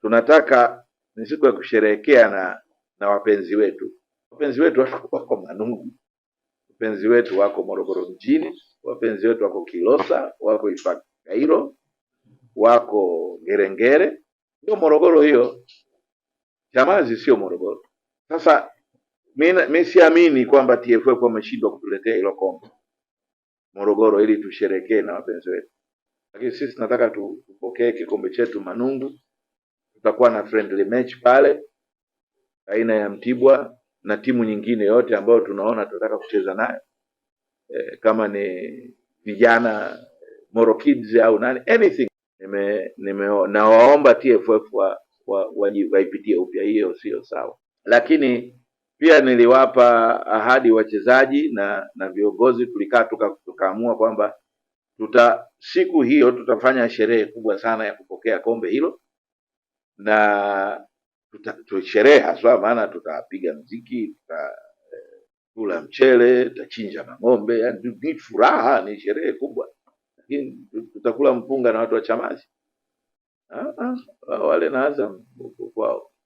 tunataka ni siku ya kusherehekea na na wapenzi wetu. Wapenzi wetu wako Manungu, wapenzi wetu wako Morogoro mjini, wapenzi wetu wako Kilosa, wako Ifakairo, wako Ngerengere, ndio Morogoro hiyo. Chamazi sio Morogoro. Sasa mi siamini kwamba TFF wameshindwa kutuletea hilo kombe Morogoro ili tusherekee na wapenzi wetu, lakini sisi tunataka tupokee kikombe chetu Manungu tutakuwa na friendly match pale baina ya Mtibwa na timu nyingine yote ambayo tunaona tunataka kucheza nayo e, kama ni vijana Moro Kids au nani anything. Nime, nime nawaomba TFF wa, wa, waipitie upya, hiyo sio sawa. Lakini pia niliwapa ahadi wachezaji na na viongozi, tulikaa tukaamua kwamba tuta siku hiyo tutafanya sherehe kubwa sana ya kupokea kombe hilo na sherehe haswa, maana tutapiga mziki, tutakula eh, e, mchele, tutachinja na ng'ombe, yani ni furaha, ni sherehe kubwa, lakini tutakula mpunga na watu wa Chamazi. Ah, ah, wale na Azam kwao